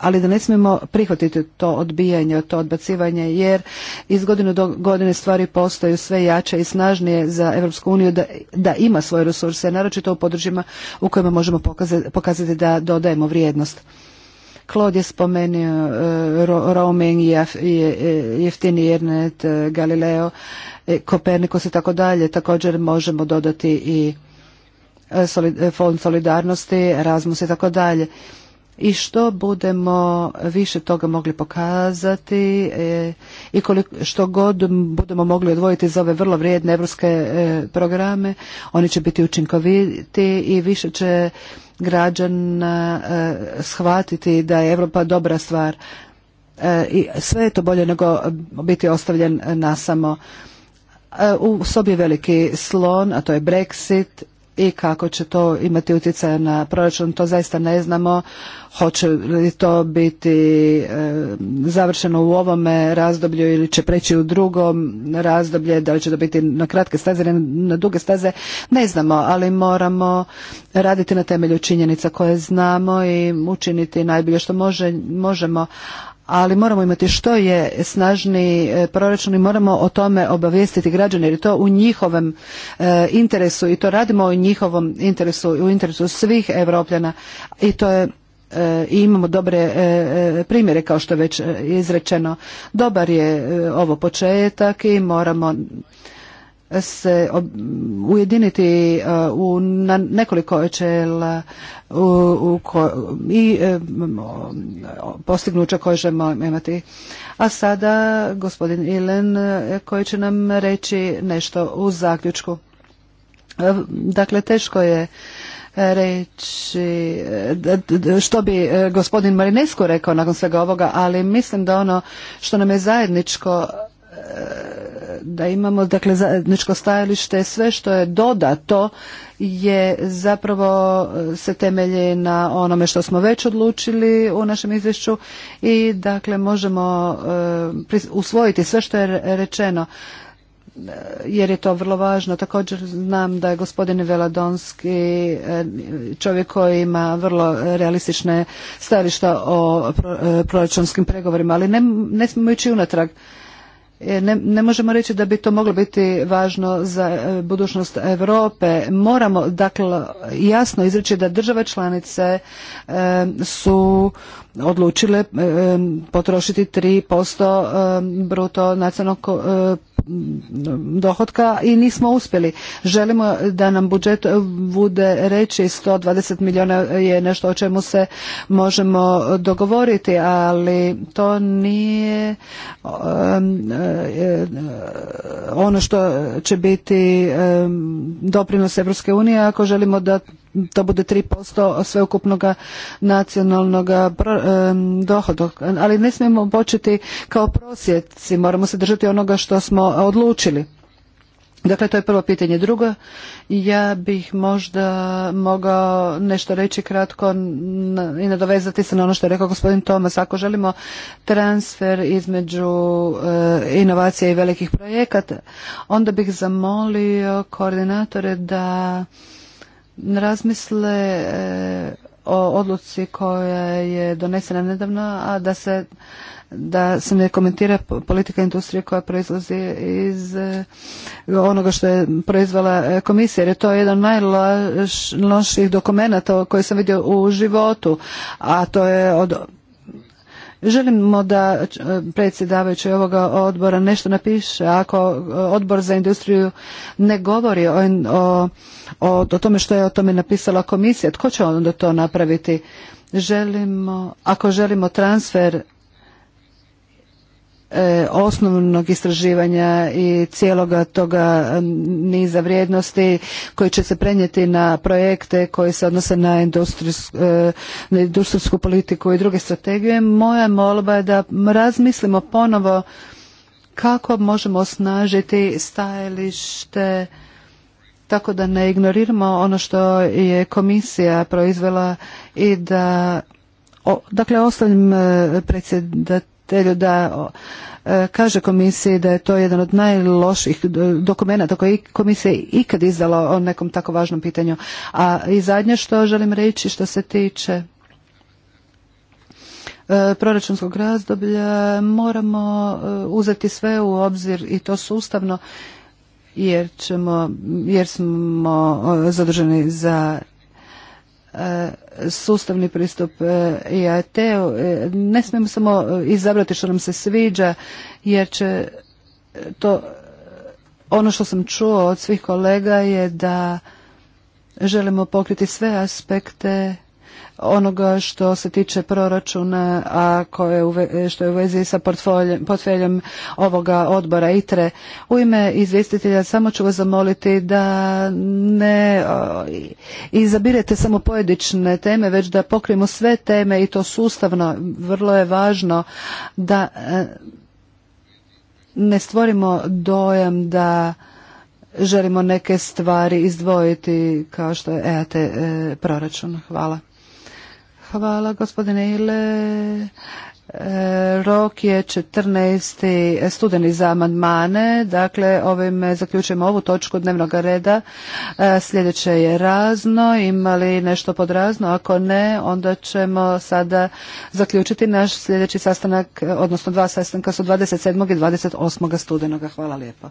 ali da ne smijemo prihvatiti to odbijanje, to odbacivanje, jer iz godine do godine stvari postaju sve jače i snažnije za Europsku uniju da, ima svoje resurse, naročito u područjima u kojima možemo pokazati da dodajemo vrijednost. Claude je spomenuo e, roaming, e, jeftini internet, e, Galileo, Kopernikus i tako dalje. Također možemo dodati i fond solidarnosti, Erasmus i tako dalje i što budemo više toga mogli pokazati e, i koliko, što god budemo mogli odvojiti za ove vrlo vrijedne evropske e, programe, oni će biti učinkoviti i više će građana e, shvatiti da je Europa dobra stvar. I sve je to bolje nego biti ostavljen na samo. U sobi je veliki slon, a to je Brexit i kako će to imati utjecaja na proračun, to zaista ne znamo. Hoće li to biti e, završeno u ovome razdoblju ili će preći u drugom razdoblje, da li će to biti na kratke staze ili na duge staze, ne znamo, ali moramo raditi na temelju činjenica koje znamo i učiniti najbolje što možemo, ali moramo imati što je snažni e, proračun i moramo o tome obavijestiti građane jer je to u njihovom e, interesu i to radimo u njihovom interesu i u interesu svih europljana i to je e, i imamo dobre primjere kao što je već izrečeno. Dobar je ovo početak i moramo se ujediniti uh, u na nekoliko čela i um, postignuća koje želimo imati. A sada gospodin Ilen uh, koji će nam reći nešto u zaključku. Uh, dakle, teško je reći što bi gospodin Marinesko rekao nakon svega ovoga, ali mislim da ono što nam je zajedničko da imamo dakle zajedničko stajalište sve što je dodato je zapravo e, se temelji na onome što smo već odlučili u našem izvješću i dakle možemo e, usvojiti sve što je rečeno e, jer je to vrlo važno. Također znam da je gospodin Veladonski čovjek koji ima vrlo realistične stajališta o proračunskim pregovorima, ali ne, ne smijemo ići unatrag. E, ne, možemo reći da bi to moglo biti važno za e, budućnost Europe. Moramo dakle jasno izreći da države članice e, su odlučile potrošiti 3% bruto nacionalnog dohodka i nismo uspjeli. Želimo da nam budžet bude reći 120 milijuna je nešto o čemu se možemo dogovoriti, ali to nije um, uh, ono što će biti um, doprinos Evropske unije ako želimo da to bude 3% sveukupnog nacionalnog dohoda. Ali ne smijemo početi kao prosjeci, moramo se držati onoga što smo odlučili. Dakle, to je prvo pitanje. Drugo, ja bih možda mogao nešto reći kratko i nadovezati se na ono što je rekao gospodin Tomas. Ako želimo transfer između eh, inovacija i velikih projekata, onda bih zamolio koordinatore da razmisle e, o odluci koja je donesena nedavno, a da se da se ne komentira politika industrije koja proizlazi iz e, onoga što je proizvala e, komisija, jer je to jedan najloših dokumenata koji sam vidio u životu, a to je od Želimo da e, predsjedavajući ovoga odbora nešto napiše ako e, odbor za industriju ne govori o, o, tome što je o tome napisala komisija, tko će onda to napraviti? Želimo, ako želimo transfer E, osnovnog istraživanja i cijeloga toga niza vrijednosti koji će se prenijeti na projekte koji se odnose e, na industrijsku, politiku i druge strategije. Moja molba je da razmislimo ponovo kako možemo osnažiti stajalište tako da ne ignoriramo ono što je komisija proizvela i da dakle ostavljam e, predsjedat izvjestitelju da e, kaže komisiji da je to jedan od najloših dokumenta koje komisija ikad izdala o nekom tako važnom pitanju. A i zadnje što želim reći što se tiče e, proračunskog razdoblja moramo e, uzeti sve u obzir i to sustavno jer jer smo zaduženi za E, sustavni pristup e, IAT-u. E, ne smijemo samo izabrati što nam se sviđa, jer će to, ono što sam čuo od svih kolega je da želimo pokriti sve aspekte onoga što se tiče proračuna, a koje, što je u vezi sa portfeljem ovoga odbora ITRE. U ime izvjestitelja samo ću vas zamoliti da ne izabirete samo pojedične teme, već da pokrijemo sve teme i to sustavno. Vrlo je važno da e, ne stvorimo dojam da želimo neke stvari izdvojiti kao što je EAT e, proračun. Hvala. Hvala gospodine Ile. E, rok je 14. studeni za amandmane, dakle ovim zaključujemo ovu točku dnevnog reda. E, sljedeće je razno, imali nešto pod razno, ako ne, onda ćemo sada zaključiti naš sljedeći sastanak, odnosno dva sastanka su 27. i 28. studenoga. Hvala lijepo.